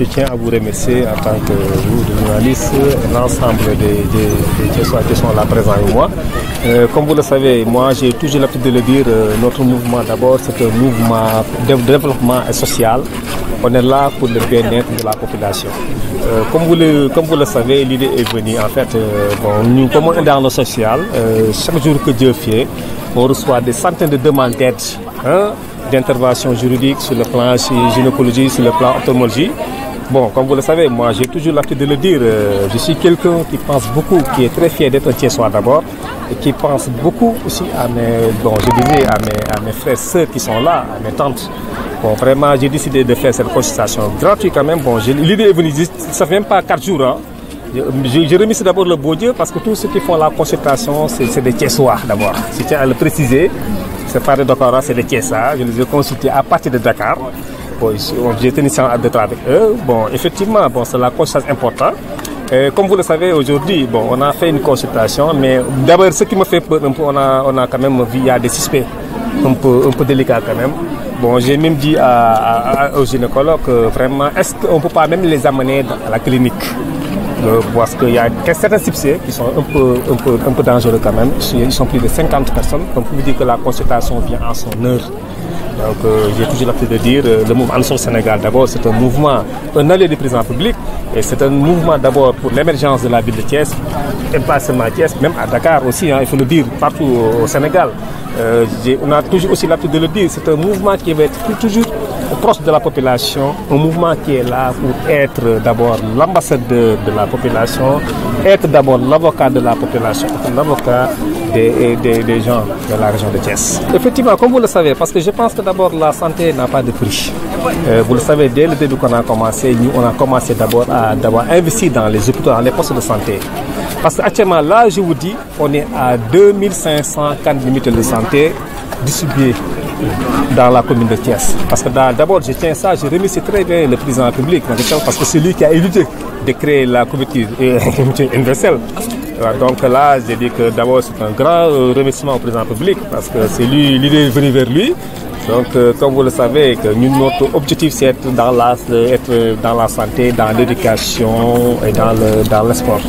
je tiens à vous remercier en tant que vous, de journaliste, l'ensemble des, des, des qui sont moi. Euh, comme vous le savez, moi j'ai toujours l'habitude de le dire, euh, notre mouvement d'abord c'est un mouvement de développement et social. On est là pour le bien-être de la population. Euh, comme, vous le, comme vous savez, l'idée est venue en fait, euh, bon, nous comme on est social, euh, chaque jour que Dieu fie on reçoit des centaines de demandes d'aide. Hein, d'intervention juridique sur le plan gynécologie, sur le plan ophtalmologie. Bon, comme vous le savez, moi j'ai toujours l'habitude de le dire, euh, je suis quelqu'un qui pense beaucoup, qui est très fier d'être Thiessois d'abord, et qui pense beaucoup aussi à mes, bon, frères, sœurs qui sont là, à mes tantes. Bon, j'ai décidé de faire cette consultation gratuite quand même. l'idée est venue, ça fait même pas 4 jours. Hein. J'ai remercié d'abord le beau parce que tous ceux qui font la consultation, c'est des Thiessois d'abord. Je à le préciser, c'est de Dakar, bon, j'ai tenu ça à de travail. Euh, bon, effectivement, bon, c'est la conscience importante. Euh, comme vous le savez, aujourd'hui, on a fait une consultation, mais d'abord, ce qui me fait peur, on a, on a des suspects un peu, un quand même. j'ai même dit à, au gynécologue que vraiment, est-ce qu'on ne peut pas même les amener à la clinique euh, Parce qu'il y a certains suspects qui sont un peu, un quand même. Ils sont plus de personnes. Donc, vient en son heure. Donc, euh, j'ai toujours l'habitude de dire, euh, le mouvement Ansou Sénégal, d'abord, c'est un mouvement, un allié du président public, et c'est un mouvement d'abord pour l'émergence de la ville de Thiès, et pas à Thiès, même à Dakar aussi, il faut le dire, partout au Sénégal. Euh, a toujours aussi l'habitude de le dire, c'est un mouvement qui va être toujours proche de la population, un mouvement qui est là pour être d'abord l'ambassadeur de la population, être d'abord l'avocat de la population, l'avocat des, des, des, gens de la région de Thiès. Effectivement, comme vous le savez, parce que je pense que d'abord la santé n'a pas de prix. Euh, dès le début qu'on a commencé, nous on a commencé d'abord à d'abord investir dans les hôpitaux, dans les postes de santé. Parce qu'actuellement, là, je vous dis, on est à 2500 de santé distribuées dans la commune de Thiès. Parce que d'abord, je tiens ça, je remercie très bien le président de parce que c'est lui qui a évité de créer la couverture euh, universelle. Donc là, j'ai dit que d'abord, c'est un grand euh, remerciement au président public, parce que c'est lui, l'idée est vers lui. Donc, euh, comme vous le savez, que nous, notre objectif, c'est dans la, être dans la santé, dans l'éducation et dans le, dans le sport.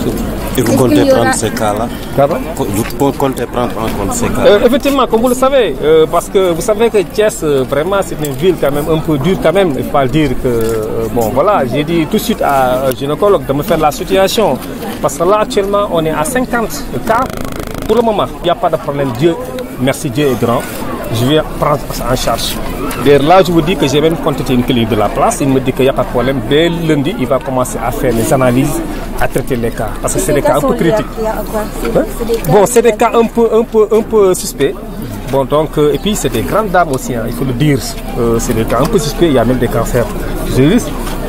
Et vous comptez prendre ces cas prendre en compte ces cas-là euh, Effectivement, comme vous le savez, euh, parce que vous savez que Thiès, euh, vraiment, c'est une ville quand même un peu dure quand même. Il faut dire que, voilà, j'ai dit tout de suite à un gynécologue de me faire la situation. Parce que là, actuellement, on est à 50 cas pour le moment. Il pas de problème. Dieu, merci Dieu est grand. je vais prendre ça en charge. D'ailleurs, là, je vous dis que j'ai même contacté une clinique de la place. Il me dit qu'il n'y a pas de problème. Dès il va commencer à faire les analyses, à traiter les cas. Parce que c'est des, des cas un peu critiques. Hein? Bon, c'est des cas un peu, un peu, un peu suspects. Bon, donc, euh, et puis c'est des grandes dames aussi, il faut le dire. Euh, c'est des cas un peu suspects, il y a même des cancers.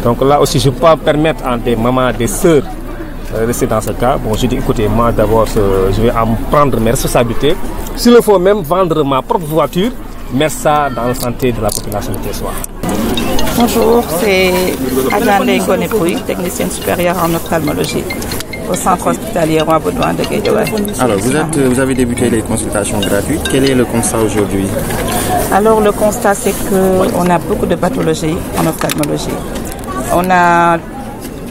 Donc là aussi, je peux permettre à des mamans, des sœurs, Euh, rester dans ce cas. Bon, j'ai dit, écoutez, moi d'abord, je vais prendre mes responsabilités. S'il faut même, vendre ma propre voiture, mettre dans la santé de la population de soir. Bonjour, c'est Adjane Gonepouy, technicienne supérieure en ophtalmologie au centre hospitalier Roi de Guédiawaye. Alors, vous, êtes, euh, vous avez débuté les consultations Quel est le constat aujourd'hui Alors, le constat, c'est qu'on a beaucoup de pathologies en ophtalmologie. On a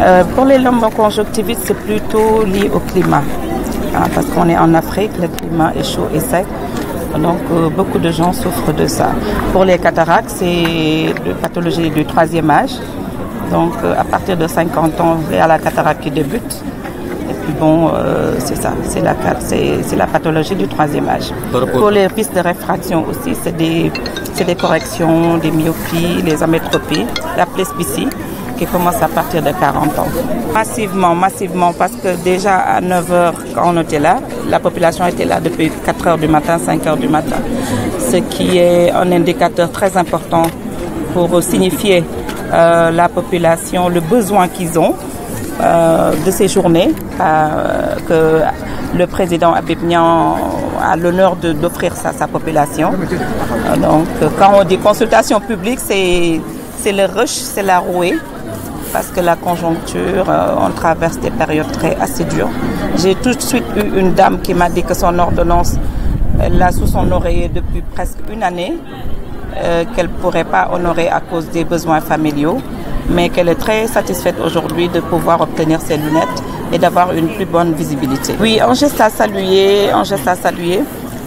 Euh, pour les lomboconjonctivites, c'est plutôt lié au climat. Hein, parce qu'on est en Afrique, le climat est chaud et sec. Donc euh, beaucoup de gens souffrent de ça. Pour les cataractes, c'est une pathologie du troisième âge. Donc euh, à partir de 50 ans, il y a la cataracte qui débute. Bon, euh, c'est ça, c'est la, c'est la pathologie du troisième âge. Pour les risques de réfraction aussi, c'est des, des corrections, des myopies, les amétropies, la plesbitie qui commence à partir de 40 ans. Massivement, massivement, parce que déjà à 9h, quand on était là, la population était là depuis 4h du matin, 5h du matin, ce qui est un indicateur très important pour signifier euh, la population, le besoin qu'ils ont euh, de ces journées euh, que le président Abépignan a l'honneur d'offrir à sa population. Euh, donc, quand on dit consultation publique, c'est le rush, c'est la rouée, parce que la conjoncture, euh, on traverse des périodes très assez dures. J'ai tout de suite eu une dame qui m'a dit que son ordonnance là sous son oreiller depuis presque une année, euh, qu'elle ne pourrait pas honorer à cause des besoins familiaux. mais qu'elle est très satisfaite aujourd'hui de pouvoir obtenir ses lunettes et d'avoir une plus bonne visibilité. Oui, un geste à saluer,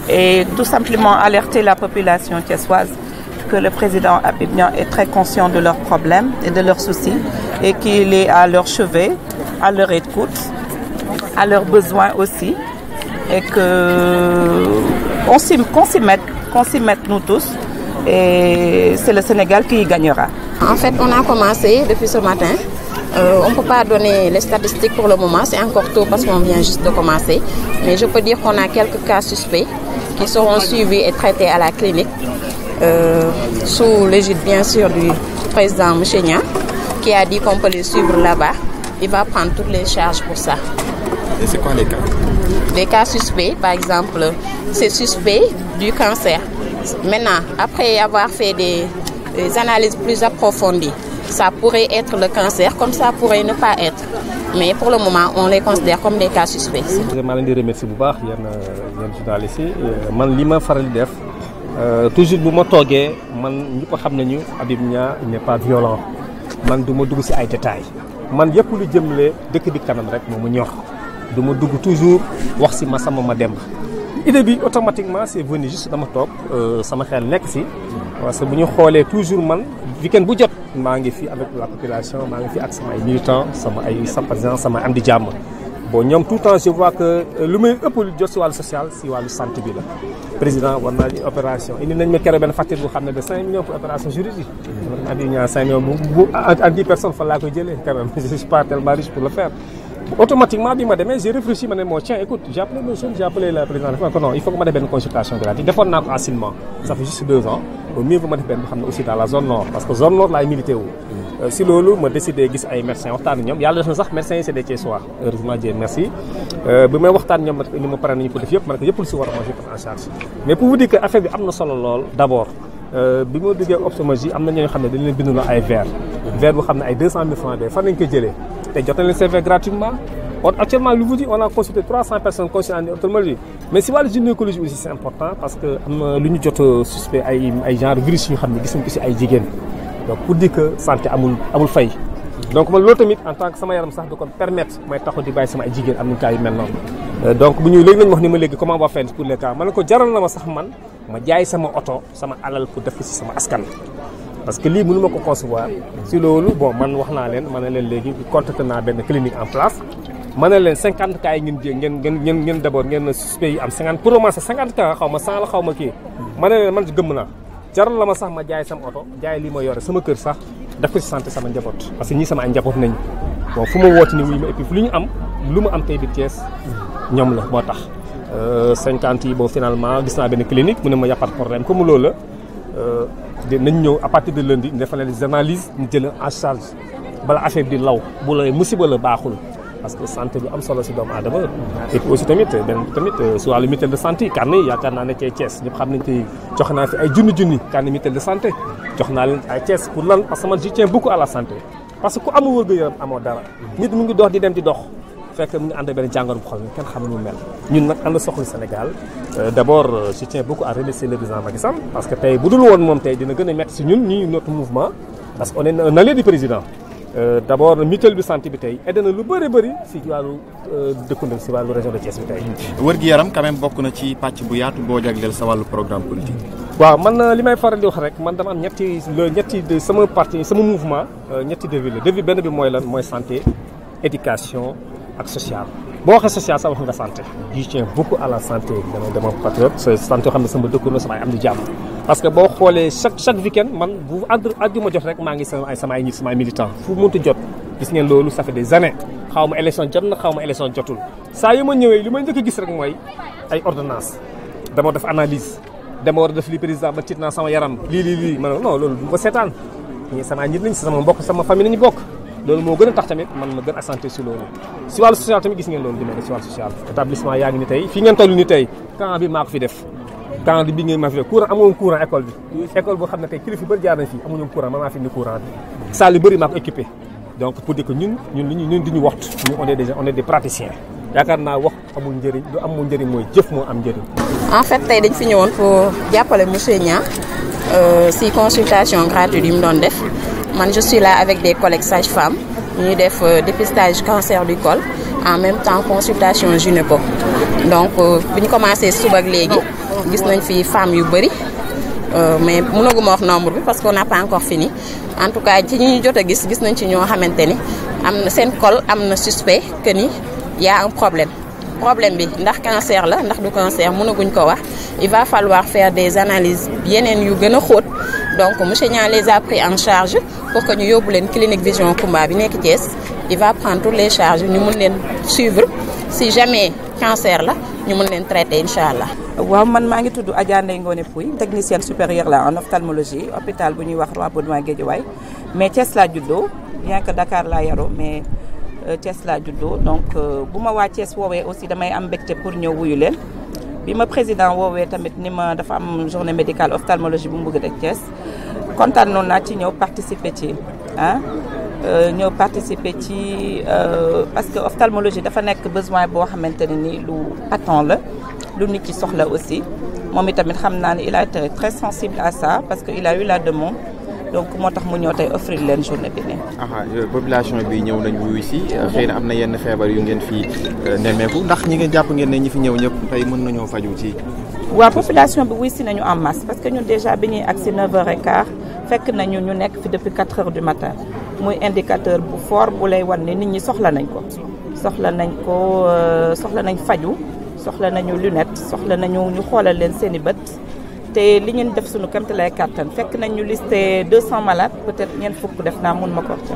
et tout simplement alerter la population thiessoise que le président Abidjan est très conscient de leurs problèmes et de leurs soucis et qu'il est à leur chevet, à leur écoute, à leurs besoins aussi qu'on s'y mette nous tous et c'est le Sénégal qui y gagnera. En fait, on a commencé depuis ce matin. Euh, on ne peut pas donner les statistiques pour le moment, c'est encore tôt parce qu'on vient juste de commencer. Mais je peux dire qu'on a quelques cas suspects qui seront suivis et traités à la clinique, euh, sous l'égide bien sûr du président Mouchenia, qui a dit qu'on peut les suivre là-bas. Il va prendre toutes les charges pour ça. Et c'est quoi les cas Les cas suspects, par exemple, c'est suspect du cancer. Maintenant, après avoir fait des des analyses plus approfondies. Ça pourrait être le cancer, comme ça pourrait ne pas être. Mais pour le moment, on les considère comme des cas suspects. maa leen di remercier bu baax yéen yéen journalistes euh, yi man li ma faral di def euh, toujours bu ma toogee man ñu ko xam nañu Habib Niang n'est pas violent man du ma dugg si ay détails man yëpp lu jëmle dëkk bi kanam rek moom mu ñor du ma dugg toujours wax ci ma sama ma demb idée bi automatiquement c'est venu juste dama toog euh, sama xel nekk ci. parce que bu ñu xoolee toujours man weekend bu jot maa ngi fi avec la population maa ngi fi ak sama ay militants sama ay sympathisants sama am di jàmm bon ñoom tout le temps je vois que euh, lu muy ëpp jot si wàllu social si wàllu santé bi la président war naa ñu opération indi nañ ma keroog benn facture bu xam ne de 5 millions pour opération juridique. dama am di millions bu bu à 10 laa koy jëlee quand même je pour le faire. automatiquement bi ma demee j'ai réfléchi ma ne moo tiens écoute j'ai appelé monsieur j'ai la présidente ma naa ko assinement ça fait juste ans au ma def benn boo xam ne aussi la zone nord parce que zone nord laay milité wu euh, si loolu ma décidé gis ay médecins waxtaan ñoom yàlla def na sax médecins yi c'est des Thiessois heureusement Dieu merci euh, bi may waxtaan ñoom ñu ma pare nañu ko def yëpp ma ne yëpp lu si war a jël en charge euh, ne dañ leen bind te jot na leen CV gratuitement actuellement lu vous dit on a consulté 300 personnes consultantes en ophtalmologie mais si wàllu gynécologie aussi c' est important parce que am na lu ñu jot suspect ay ay virus yu xam ne gis nañ ko ay jigéen donc pour dire que santé amul amul fay donc man loolu tamit en tant que sama yaram sax da kon permettre may taxaw di bàyyi sama ay jigéen am nañu cas yu mel noonu euh, donc bu ñu léegi lañ wax ni ma léegi comment on va faire pour les cas ma ne ko jaral na ma sax man ma jaay sama sama alal pour def ko si sama askan parce que lii mënu ma ko concevoir si loolu bon man wax naa leen ma ne leen léegi contacté naa benn clinique en place ma ne leen cinquante cas yi ngeen jé ngeen ngeen d' abord ngeen suspect yi am cinquante pour commencer cinquante cas xaw ma cent la xaw ma kii ma leen man gëmm naa jaral la ma sax ma jaay sama oto jaay lii ma yore sama kër sax daf ko si santé sama njaboot parce que ñii sama ay njaboot nañu bon fu ma woote ni wuyu ma et lu ñu am lu ma am ñoom la moo tax euh, cinquante yi boobu finalement gis naa benn clinique mu ne ma yàppat la Euh, dinañ ñëw à partir de lundi defal les analyses ñu jël en charge bala affaire bi di law bu lay musiba la baaxul parce que santé lu am solo si doomu adama et puis aussi tamit euh, benn tamit euh, si wàllu mutuelle de santé carnet yaakaar naa ne cee Thiès ñëpp xam nañ tey jox naa fi ay junni junni carnet mutuelle de santé jox naa leen ay Thiès pour lan parce que man je tiens beaucoup à santé parce que ku amul wërgu yaram amoo dara nit mu ngi dox di dem di dox fekk mu ngi ànd benn jàngoro bu xam ne kenn xam nu mel ñun nag ànd soxla Sénégal euh, d' abord euh, je tiens beaucoup à le président Macky parce que tey bu dul woon moom tey dina gën a métti si ñun ñuy notre mouvement parce que on est un président d' abord bi santé bi tey aidé na lu bëri bëri si wàllu euh, dëkkandoo si wàllu région de Thiès bi tey. wër gi yaram quand même bokk na ci pàcc bu yaatu boo jagleel sa wàllu programme politique. waaw man li may faral di wax rek man dama am ñetti ñetti de parti sama mouvement ñetti devis la benn bi mooy lan mooy santé éducation. ak social boo waxee social sax wax nga santé je tiens beaucoup à la santé dama dama patriote sa santé yoo xam ne sama dëkkandoo sama ay am di jàmm parce que boo xoolee chaque chaque weekend man bu àdd àjjuma jot rek maa ngi sama ay sama ay nit sama ay militant fu munti jot gis ngeen loolu ça fait des années xaw ma élection jot na xaw ma élection jotul saa yu ma ñëwee li ma njëkk a gis rek mooy ay ordonnance dama def analyse dama war a def li président ba tiit naa sama yaram lii lii lii ma ne non loolu sama nit sama mbokk sama famille bokk loolu moo gën a tax tamit man ma gën a santé si loolu si social tamit gis ngeen loolu di mel si wàllu social établissement yaa ngi ni tey fii ngeen toll ni tey camp bi maa fi def camp bi ngeen maa fi def courant école bi école boo xam ne tey kilifa yu bëri jaar nañ fii amuñu courant man maa fi indi courant bi salle yu bëri donc pour dire ñun ñun liñu ñun diñu waxtu ñun on est des on est des yaakaar naa wax amul njëriñ lu amul njëriñ mooy jëf moo am njëriñ en fait tey dañ fi ñëwoon pour jàppale monsieur Niang euh, si consultation gratuite mu doon def man je suis là avec des collègues sages-femmes ñuy def euh, dépistage cancer du col en même temps consultation ko donc euh, bi ñu commencé suba ak léegi gis nañ fi femmes yu bëri euh, mais mënaguma wax nombre bi parce que n'a pas encore fini en tout cas ci ñu jot a gis gis nañ ci ñoo xamante ni am na seen col am na suspect que ni y a un problème problème bi ndax cancer la ndax du cancer mënaguñ ko wax il va falloir faire des analyses yeneen yu gën a xóot donc monsieur Niang les a pris en charge pour que ñu yóbbu leen clinique vision Kumba bi nekk Thiès il va prendre toutes les charges ñu mun leen suivre si jamais cancer la ñu mun leen traité incha allah. waaw man maa ngi tudd Adja ngoone Ngone Pouy technicienne supérieure la en ophtalmologie hôpital bu ñuy wax Roi Baudouin Guédiawaye mais Thiès laa juddoo bien que Dakar laa yaroo mais euh, Thiès laa juddoo donc euh, bu ma waa Thiès woowee aussi damay am mbégte pour ñëw wuyu leen. bi ma président woowee tamit ni ma dafa am journée médical ophtalmologie bu mu bëgg def Thiès kontaan noonu naa ci ñëw participer ci ah euh, ñëw participer ci euh, parce que ophtalmologie dafa nekk besoin boo xamante ne ni lu patent la lu nit ci soxla aussi moom itamit xam naa ne il a été très sensible à ça parce que il a eu la demande donc moo tax mu ñëw tey offrir leen journée bi nii. Ah, ah, population bi ñëw nañ wuyu si euh, xëy am na yenn feebar yu ngeen fi euh, nemmeeku ndax ñi ngeen jàpp ngeen ne ñi fi ñëw ñëpp tey mën nañoo faju ci. waaw population bi wuyu si nañu am masse parce que ñun déjà bi ñuy agsi 9h15 fekk nañu ñu nekk fi depuis 4h du matin muy indicateur bu foor bu lay wan ne nit ñi soxla nañ ko. soxla nañ ko euh, soxla nañ faju soxla nañu lunette soxla nañu ñu xoolal leen seen i bët. te li ngeen def suñu kéem lay kàttan fekk nañ ñu listé 200 malades peut-être ñeen fukk def naa mun ma ko wax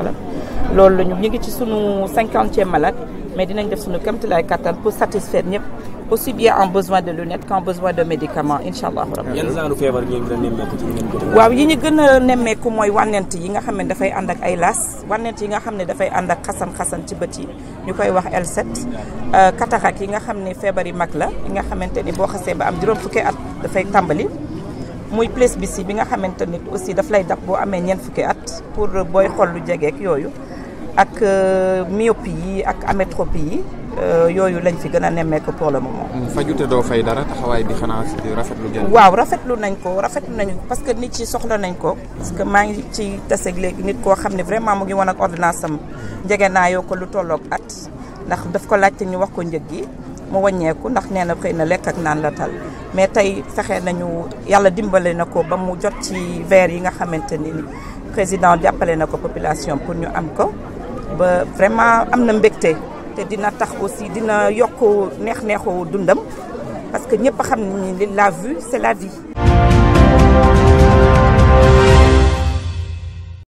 loolu la ñu ñu ngi ci sunu cinquantième malade mais dinañ def suñu kéem lay kàttan pour satisfaire ñëpp aussi bien en besoin de lunettes qu'en besoin de médicaments incha allah rabbi. yan genre feebar yi ngeen waaw yi ñu gën a nemmeeku mooy wànnent yi nga xam ne dafay ànd ak ay laas wànnent yi nga xam ne dafay ànd ak xasan-xasan ci bët yi ñu koy wax L7 euh, cataracte yi nga xam ne feebar yi mag la yi nga xamante ni boo xasee ba am juróom fukki at dafay tàmbali muy presbytie bi nga xamante ni aussi daf lay dab boo amee ñeent fukki at pour euh, booy xol lu jegeek yooyu ak euh, myopie yi ak amétropie yi euh, yooyu lañ fi gën a nemmeeku pour le moment. Mm, fajute doo fay dara taxawaay bi xanaa rafetlu ngeen. waaw rafetlu nañ ko rafetlu nañu parce que nit ci soxla nañ ko. parce que maa ngi ci taseeg léegi nit koo xam ne vraiment mu ngi woon ak ordonnance sam njege mm. naa yoo ko lu tollook at ndax daf ko laajte ñu wax ko njëg gi. mu wàññeeku ndax nee na xëy na lekk ak naan la tal mais tey fexe nañu yàlla dimbale na ko ba mu jot ci verre yi nga xamante ni président jàppale na ko population pour ñu am ko ba vraiment am na mbégte te dina tax aussi dina yokk neex-neexu dundam parce que ñëpp xam ni la vue c'est la vie